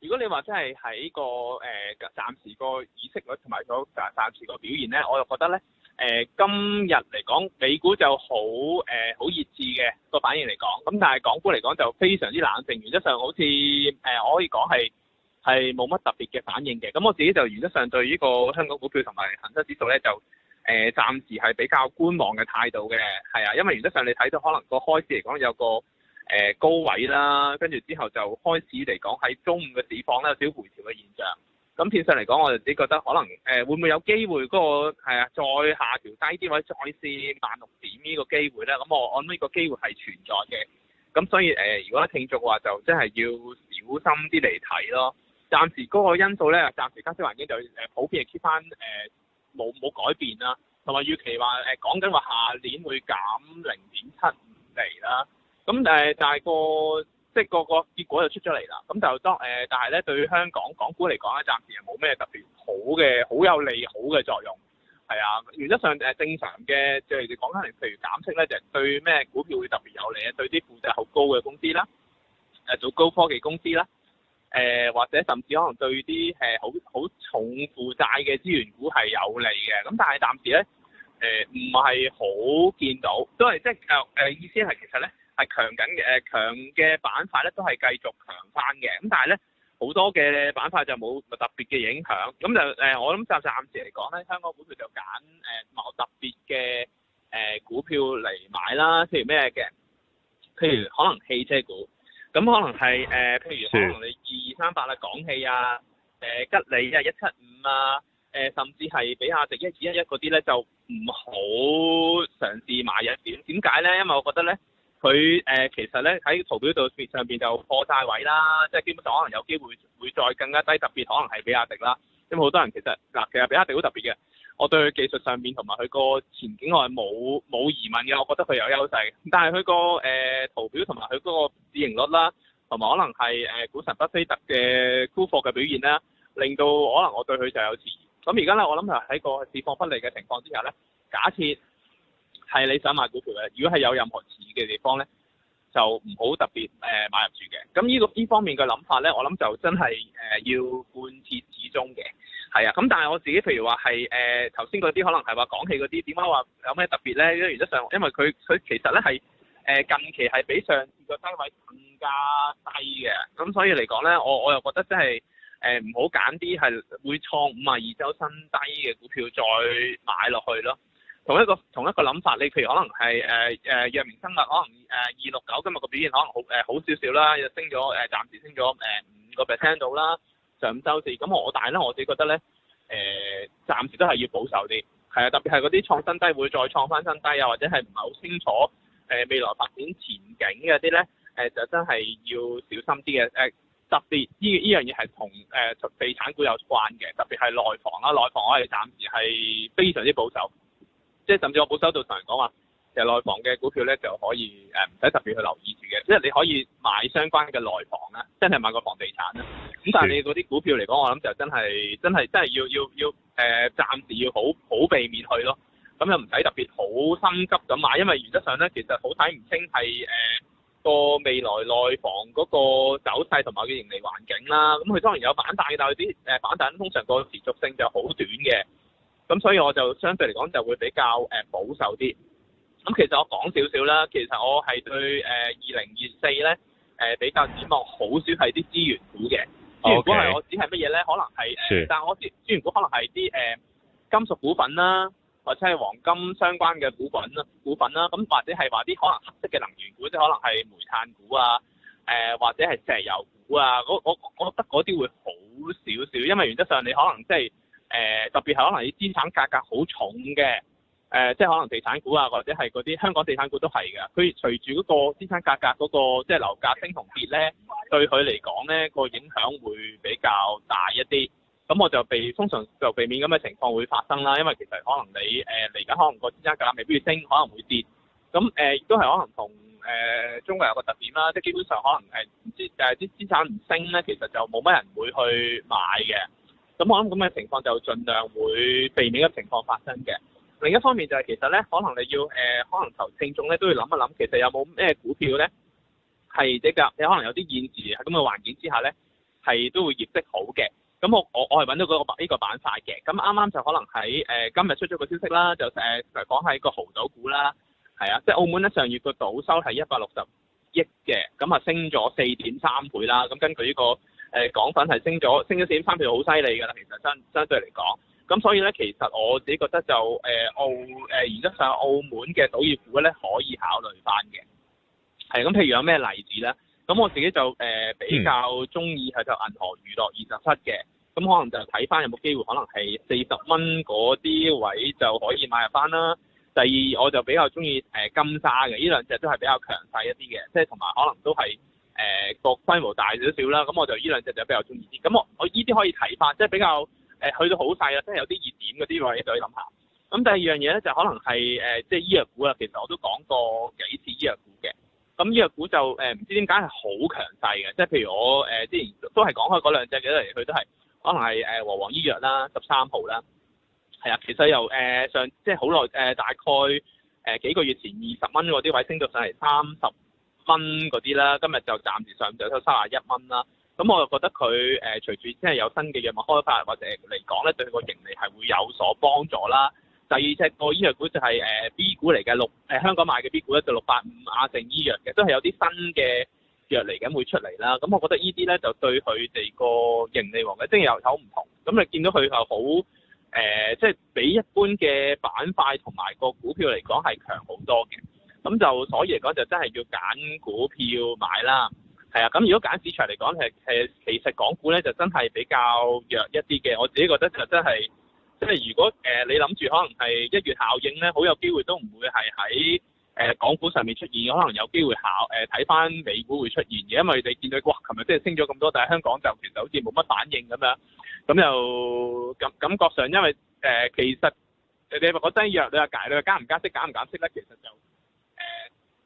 如果你話真係喺個誒暫、呃、時的和個議息率同埋個暫暫時個表現咧，我就覺得咧誒、呃、今日嚟講，美股就好誒好熱熾嘅個反應嚟講，咁但係港股嚟講就非常之冷靜，原則上好似誒、呃、我可以講係係冇乜特別嘅反應嘅。咁我自己就原則上對呢個香港股票同埋恒生指數咧，就誒暫、呃、時係比較觀望嘅態度嘅，係啊，因為原則上你睇到可能個開市嚟講有個。誒、呃、高位啦，跟住之後就開始嚟講，喺中午嘅市況咧，有少少回調嘅現象。咁變相嚟講，我哋自己覺得可能誒、呃、會唔會有機會嗰、那個係啊，再下調低啲或者再試萬六點呢個機會咧？咁我諗呢個機會係存在嘅。咁所以誒、呃，如果聽眾話就真係要小心啲嚟睇咯。暫時嗰個因素咧，暫時加息環境就誒普遍係 keep 翻誒冇冇改變啦。同埋預期話誒講緊話下年會減零點七五厘啦。咁誒，但係個即係個個結果就出咗嚟啦。咁就當誒，但係咧對香港港股嚟講咧，暫時又冇咩特別好嘅好有利好嘅作用係啊。原則上誒正常嘅，即係講緊譬如減息咧，就係對咩股票會特別有利啊？對啲負債好高嘅公司啦，誒做高科技公司啦，誒或者甚至可能對啲誒好好重負債嘅資源股係有利嘅。咁但係暫時咧誒唔係好見到，都係即係誒誒意思係其實咧。係強緊嘅，誒強嘅板塊咧都係繼續強翻嘅。咁但係咧好多嘅板塊就冇特別嘅影響，咁就誒我諗就暫時嚟講咧，香港股票就揀誒冇特別嘅誒股票嚟買啦。譬如咩嘅，譬如可能汽車股，咁可能係誒譬如可能你二二三八啊、廣汽啊、誒吉利啊、一七五啊、誒甚至係比亞迪一二一一嗰啲咧就唔好嘗試買一點。點解咧？因為我覺得咧。佢誒、呃、其實咧喺圖表度上面就破晒位啦，即係基本上可能有機會會再更加低，特別可能係比亞迪啦。咁好多人其實嗱，其實比亞迪好特別嘅，我對佢技術上面同埋佢個前景我係冇冇疑問嘅，我覺得佢有優勢。但係佢個誒圖表同埋佢嗰個市盈率啦，同埋可能係誒股神巴菲特嘅沽貨嘅表現啦，令到可能我對佢就有疑問。咁而家咧，我諗係喺個市況不利嘅情況之下咧，假設。係你想買股票嘅，如果係有任何似嘅地方咧，就唔好特別誒、呃、買入住嘅。咁呢、呢個呢方面嘅諗法咧，我諗就真係誒要貫徹始終嘅。係啊，咁但係我自己譬如話係誒頭先嗰啲可能係話港企嗰啲，點解話有咩特別咧？因為原則上，因為佢佢其實咧係誒近期係比上次個低位更加低嘅。咁所以嚟講咧，我我又覺得即係誒唔好揀啲係會創五十二周新低嘅股票再買落去咯。同一個同一個諗法，你譬如可能係誒誒藥明生物，可能誒二六九今日個表現可能好誒、呃、好少少啦，又升咗誒暫時升咗誒五個 percent 到啦。上週四咁我但係咧，我自己覺得咧誒暫時都係要保守啲，係啊，特別係嗰啲創新低會再創翻新低啊，或者係唔係好清楚、呃、未來發展前景嗰啲咧就真係要小心啲嘅誒。特別呢依樣嘢係同誒地產股有關嘅，特別係內房啦，內房我哋暫時係非常之保守。即係甚至我冇收到同人講話，其實內房嘅股票咧就可以誒唔使特別去留意住嘅，即係你可以買相關嘅內房啦，真係買個房地產啦。咁但係你嗰啲股票嚟講，我諗就真係真係真係要要要誒、呃，暫時要好好避免去咯。咁又唔使特別好心急咁買，因為原則上咧，其實好睇唔清係誒個未來內房嗰個走勢同埋嘅盈利環境啦。咁、嗯、佢、嗯、當然有反彈嘅，但係啲誒反彈通常個持續性就好短嘅。咁所以我就相對嚟講就會比較誒、呃、保守啲。咁其實我講少少啦，其實我係對誒二零二四咧誒比較展望好少係啲資源股嘅。如果係我指係乜嘢咧，可能係，呃、Okay. 但係我指資源股可能係啲誒金屬股份啦，或者係黃金相關嘅股份啦，股份啦。咁或者係話啲可能黑色嘅能源股，即係可能係煤炭股啊，誒、呃、或者係石油股啊。我我覺得嗰啲會好少少，因為原則上你可能即係。誒、呃、特別係可能啲資產價格好重嘅，誒、呃、即係可能地產股啊，或者係嗰啲香港地產股都係嘅。佢隨住嗰個資產價格嗰、嗰個即係樓價升同跌咧，對佢嚟講咧個影響會比較大一啲。咁我就避，通常就避免咁嘅情況會發生啦。因為其實可能你誒嚟緊可能個資產價格未必會升，可能會跌。咁亦都係可能同誒、呃、中國有個特點啦，即係基本上可能係唔知誒啲資產唔升咧，其實就冇乜人會去買嘅。咁我諗咁嘅情況就盡量會避免嘅情況發生嘅。另一方面就係其實咧，可能你要、呃、可能聽眾咧都要諗一諗，其實有冇咩股票咧係即係你可能有啲現時喺咁嘅環境之下咧係都會業績好嘅？咁我我我係搵到嗰、嗰個板呢、呢個板塊嘅。咁啱啱就可能喺、呃、今日出咗個消息啦，就誒、呃、講係個濠賭股啦，係啊，即係澳門咧上月個賭收係一百六十億嘅，咁啊升咗四點三倍啦。咁根據呢、呢個誒、呃、港粉係升咗，升咗四點三票，好犀利㗎啦！其實相相對嚟講，咁所以咧，其實我自己覺得就誒、呃、澳誒而家上澳門嘅賭業股咧，可以考慮翻嘅。係咁，那譬如有咩例子咧？咁我自己就誒、呃、比較中意係就銀河娛樂二十七嘅，咁可能就睇翻有冇機會，可能係四十蚊嗰啲位就可以買入翻啦。第二，我就比較中意誒金沙嘅，呢兩隻都係比較強勢一啲嘅，即係同埋可能都係。誒、呃、個規模大少少啦，咁我就呢兩隻就比較中意啲。咁我我依啲可以睇返，即係比較誒、呃、去到好細啦，即係有啲熱點嗰啲位就可以諗下。咁第二樣嘢咧就可能係誒、呃、即係醫藥股啦。其實我都講過幾次醫藥股嘅。咁醫藥股就誒唔、呃、知點解係好強勢嘅。即係譬如我誒、呃、之前都係講開嗰兩隻嘅嚟去都係可能係誒和黃醫藥啦、十三號啦。係啊，其實又誒、呃、上即係好耐誒，大概誒、呃、幾個月前二十蚊嗰啲位升咗上嚟三十分嗰啲啦，今日就暫時上漲到三十一蚊啦。咁我又覺得佢誒、呃、隨住即係有新嘅藥物開發或者嚟講咧，對佢個盈利係會有所幫助啦。第二隻個醫藥股就係、是、誒、呃、B 股嚟嘅六誒香港買嘅 B 股咧，就六百五亞盛醫藥嘅，都係有啲新嘅藥嚟緊會出嚟啦。咁我覺得這些呢啲咧就對佢哋個盈利王嘅即係有好唔同。咁你見到佢係好誒，即、呃、係、就是、比一般嘅板塊同埋個股票嚟講係強好多嘅。咁就所以嚟講，就真係要揀股票買啦。係啊，咁如果揀市場嚟講，係係其實港股咧就真係比較弱一啲嘅。我自己覺得就真係即係如果誒你諗住可能係一月效應咧，好有機會都唔會係喺誒港股上面出現嘅。可能有機會考誒睇翻美股會出現嘅，因為你見到哇，琴日真係升咗咁多，但係香港就其實好似冇乜反應咁樣。咁又感感覺上，因為誒其實你你話我真係弱你話解咧，加唔加息減唔減息咧，其實就～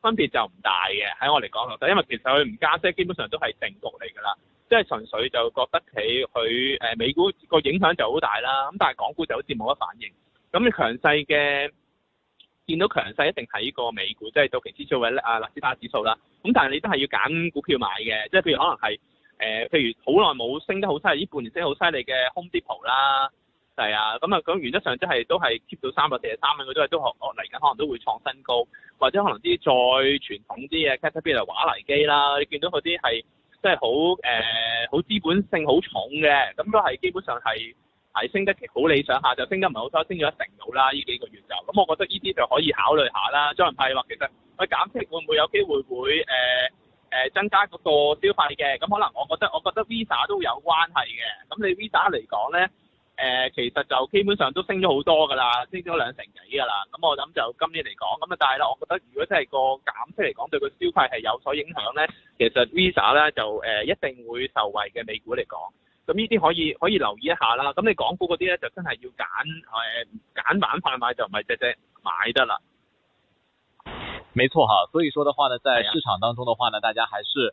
分別就唔大嘅，喺我嚟講就，因為其實佢唔加息，基本上都係定局嚟㗎啦，即係純粹就覺得睇佢美股個影響就好大啦。咁但係港股就好似冇乜反應。咁你強勢嘅見到強勢一定係依個美股，即係道瓊斯指數或者啊納斯達克指數啦。咁但係你都係要揀股票買嘅，即係譬如可能係譬如好耐冇升得好犀利，半年升得好犀利嘅 Home Depot 啦。係啊，咁啊，咁原則上即係都係 keep 到三百四十三蚊，佢都係都可嚟緊，可能都會創新高，或者可能啲再傳統啲嘅 Caterpillar 挖泥機啦。你見到嗰啲係即係好誒，好、就是呃、資本性好重嘅，咁都係基本上係係升得好理想下，就升得唔係好多，升咗一成度啦。呢幾個月就，咁我覺得呢啲就可以考慮下啦。張文輝話其實去減、呃、息會唔會有機會會誒誒、呃呃、增加個消費嘅？咁可能我覺得我覺得，得 Visa 都有關係嘅。咁你 Visa 嚟講咧？誒、呃，其實就基本上都升咗好多㗎啦，升咗兩成幾㗎啦。咁、嗯、我諗就今年嚟講，咁、嗯、啊，但係咧，我覺得如果真係個減息嚟講對個消費係有所影響咧，其實 Visa 咧就誒、呃、一定會受惠嘅美股嚟講。咁呢啲可以可以留意一下啦。咁、嗯、你港股嗰啲咧就真係要揀誒揀板塊買就唔係隻隻買得啦。沒錯哈，所以說的話咧，在市場當中的話呢，大家還是。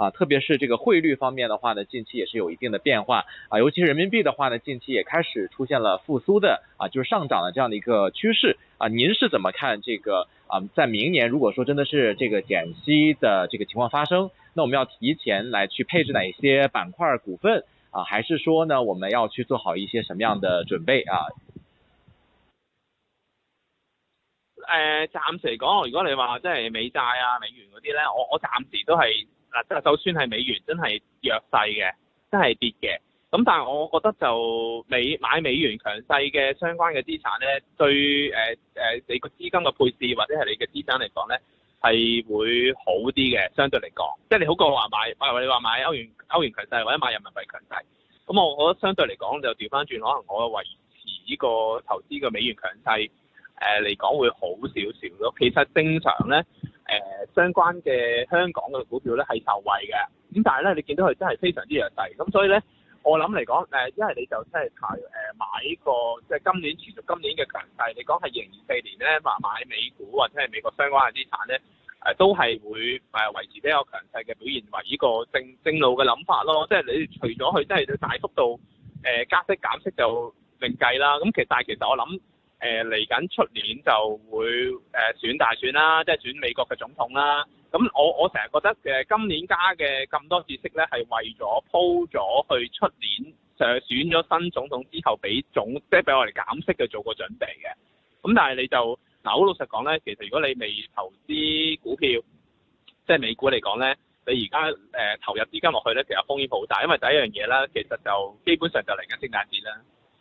啊，特別是這個匯率方面的話呢，近期也是有一定的變化啊，尤其是人民幣的話呢，近期也開始出現了復蘇的啊，就是上漲的這樣的一個趨勢啊。您是怎麼看這個啊？在明年如果說真的是這個減息的這個情況發生，那我們要提前來去配置哪些板塊股份啊？還是說呢，我們要去做好一些什麼樣的準備啊？誒、呃，暫時來講，如果你話即係美債啊、美元嗰啲咧，我我暫時都係。嗱，即係就算係美元真係弱勢嘅，真係跌嘅，咁但係我覺得就美買美元強勢嘅相關嘅資產咧，對誒誒你個資金嘅配置或者係你嘅資產嚟講咧，係會好啲嘅，相對嚟講，即係你好過話買，或者話買歐元歐元強勢，或者買人民幣強勢，咁我我覺得相對嚟講就調翻轉，可能我維持呢個投資嘅美元強勢誒嚟講會好少少咯，其實正常咧。誒相關嘅香港嘅股票咧係受惠嘅，咁但係咧你見到佢真係非常之弱勢，咁所以咧我諗嚟講誒，因為你就真係睇誒買個即係、就是、今年持續今年嘅強勢，你講係二零二四年咧買買美股或者係美國相關嘅資產咧，誒都係會誒維持比較強勢嘅表現為呢個正正路嘅諗法咯，即係你除咗佢真係大幅度誒加息減息就另計啦，咁其實但係其實我諗。誒嚟緊出年就會誒選大選啦，即係選美國嘅總統啦。咁我我成日覺得誒今年加嘅咁多知識咧，係為咗鋪咗去出年誒選咗新總統之後俾總，即係俾我哋減息嘅做個準備嘅。咁但係你就嗱好老實講咧，其實如果你未投資股票，即係美股嚟講咧，你而家誒投入資金落去咧，其實風險好大，因為第一樣嘢啦，其實就基本上就嚟緊聖誕節啦。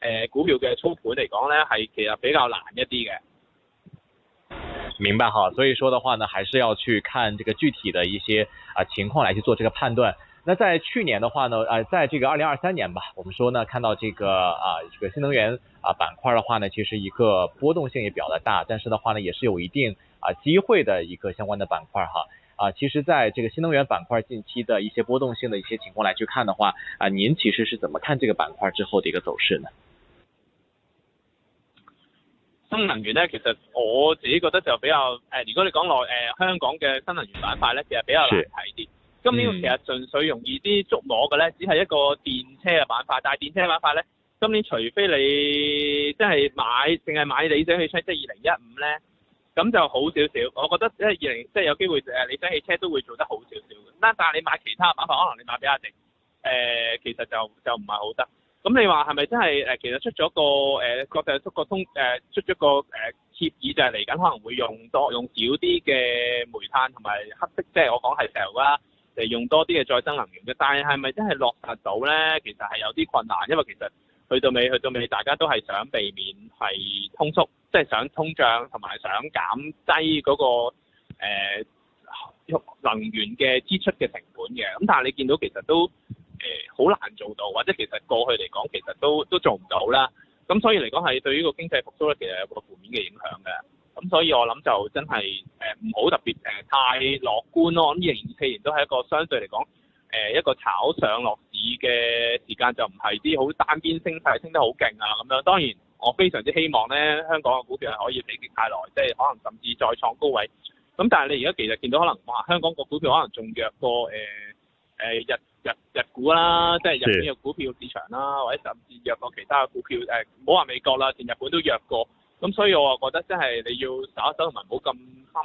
呃，股票的操盤來講呢，是其實比較難一點嘅。明白哈，所以說的話呢，還是要去看這個具體的一些啊、呃、情況來去做這個判斷。那在去年的話呢，呃、在這個二零二三年吧，我們說呢，看到這個啊、呃，這個新能源啊、呃、板塊的話呢，其實一個波動性也比較的大，但是的話呢，也是有一定啊、呃、機會的一個相關的板塊哈。啊、呃，其實，在這個新能源板塊近期的一些波動性的一些情況來去看的話，啊、呃，您其實是怎麼看這個板塊之後的一個走勢呢？新能源咧，其實我自己覺得就比較誒、呃，如果你講落誒香港嘅新能源板塊咧，其實比較難睇啲。今年其實純粹容易啲捉摸嘅咧，只係一個電車嘅板塊，但係電車板塊咧，今年除非你即係、即係、買，淨係買理想汽車，即係二零一五咧，咁就好少少。我覺得即係二零，即係有機會誒理想汽車都會做得好少少嘅。但係你買其他板塊，可能你買比亞迪誒，其實就就唔係好得。咁你話係咪真係其實出咗個誒國際出個通誒出咗個誒協議，就係嚟緊可能會用多用少啲嘅煤炭同埋黑色，即係我講係石油啦，嚟用多啲嘅再生能源嘅。但係係咪真係落實到咧？其實係有啲困難，因為其實去到尾去到尾，大家都係想避免係通縮，即係想通脹同埋想減低嗰個誒能源嘅支出嘅成本嘅。咁但係你見到其實都好難做到，或者其實過去嚟講，其實都都做唔到啦。咁所以嚟講，係對於個經濟復甦咧，其實有個負面嘅影響嘅。咁所以我諗就真係誒唔好特別誒、呃、太樂觀咯。咁而二四年都係一個相對嚟講誒、呃、一個炒上落市嘅時間，就唔係啲好單邊升勢，升得好勁啊咁樣。當然，我非常之希望咧，香港嘅股票係可以比跌太耐，即係可能甚至再創高位。咁、嗯、但係你而家其實見到可能哇，香港個股票可能仲弱過誒。呃誒、呃、日日日股啦，即係日呢個股票市場啦，是或者甚至弱過其他股票誒，唔好話美國啦，連日本都弱過。咁所以我話覺得即係你要手一手，同埋唔好咁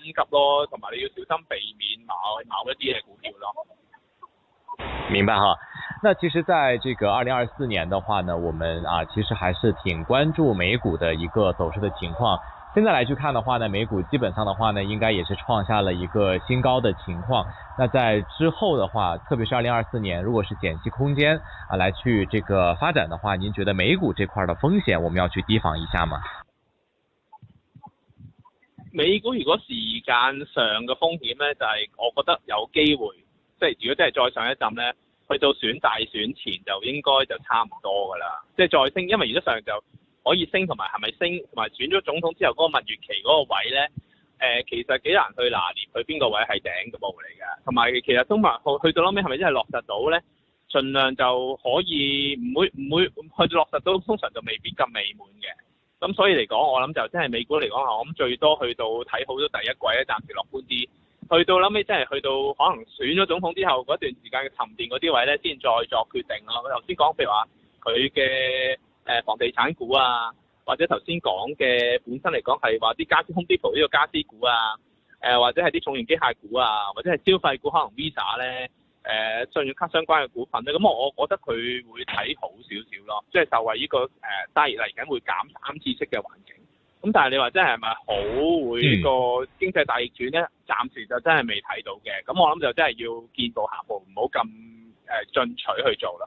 心急咯，同埋你要小心避免某某一啲嘅股票咯。明白嚇，那其實在這個二零二四年的話呢，我們啊其實還是挺關注美股的一個走勢嘅情況。現在來去看的話呢，美股基本上的話呢，應該也是創下了一個新高的情況。那在之後的話，特別是二零二四年，如果是減息空間啊來去這個發展的話，您覺得美股這塊的風險我們要去提防一下嗎？美股如果時間上嘅風險呢，就係，我覺得有機會，即係如果真係再上一浸呢，去到選大選前就應該就差唔多噶啦。即係再升，因為如果上就。可以升同埋係咪升同埋選咗總統之後嗰個蜜月期嗰個位咧？誒、呃，其實幾難去拿捏佢邊個位係頂嘅部嚟㗎？同埋其實通盟去去到撈尾係咪真係落實到咧？儘量就可以唔會唔會去到落實到，通常就未必咁美滿嘅。咁所以嚟講，我諗就真係美股嚟講，我諗最多去到睇好咗第一季咧，暫時樂觀啲。去到撈尾真係去到可能選咗總統之後嗰段時間嘅沉澱嗰啲位咧，先再作決定咯。頭先講譬如話佢嘅。誒房地產股啊，或者頭先講嘅本身嚟講係話啲家私 Home Depot 呢個家私股啊，呃、或者係啲重型機械股啊，或者係消費股，可能 Visa 咧誒信、呃、用卡相關嘅股份咧，咁、嗯、我我覺得佢會睇好少少咯，即係受惠呢個誒大熱嚟緊會減三次息嘅環境。咁、嗯、但係你話真係係咪好會呢個經濟大逆轉咧？暫、嗯、時就真係未睇到嘅。咁、嗯、我諗就真係要見步行步，唔好咁誒進取去做啦。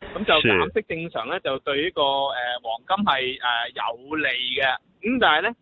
咁就減息正常咧，就對呢個誒、呃、黃金係、呃、有利嘅。咁、嗯、但係咧，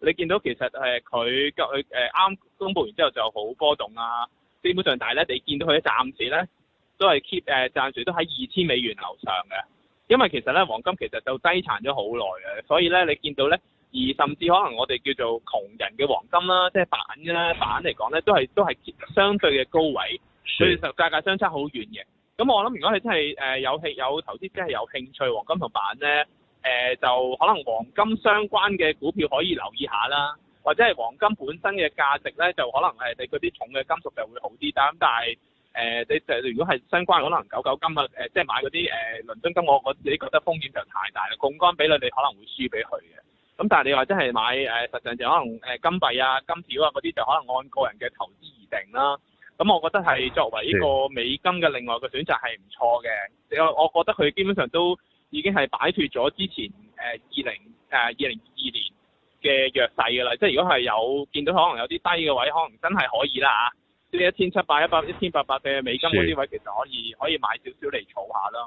你見到其實佢佢啱公佈完之後就好波動啊。基本上但呢，但係咧你見到佢暫時咧都係 keep 誒、呃、暫時都喺二千美元樓上嘅。因為其實咧黃金其實就低殘咗好耐嘅，所以咧你見到咧而甚至可能我哋叫做窮人嘅黃金啦，即係板啦板嚟講咧都係都係相對嘅高位，所以就價格相差好遠嘅。咁我諗，如果你真係誒有興有投資即係有興趣黃金同板咧，誒、呃、就可能黃金相關嘅股票可以留意一下啦，或者係黃金本身嘅價值咧，就可能誒你嗰啲重嘅金屬就會好啲。但係咁，但係誒你即如果係相關，可能九九金啊，誒即係買嗰啲誒倫敦金，我我自己覺得風險就太大啦，槓桿比率你可能會輸俾佢嘅。咁但係你話真係買誒、呃，實際上就可能誒金幣啊、金條啊嗰啲，就可能按個人嘅投資而定啦。咁我覺得係作為呢個美金嘅另外嘅選擇係唔錯嘅，我的我覺得佢基本上都已經係擺脫咗之前誒二零誒二零二二年嘅弱勢㗎啦，即係如果係有見到可能有啲低嘅位，可能真係可以啦吓，即一千七百一百一千八百嘅美金嗰啲位其實可以可以買少少嚟儲下啦。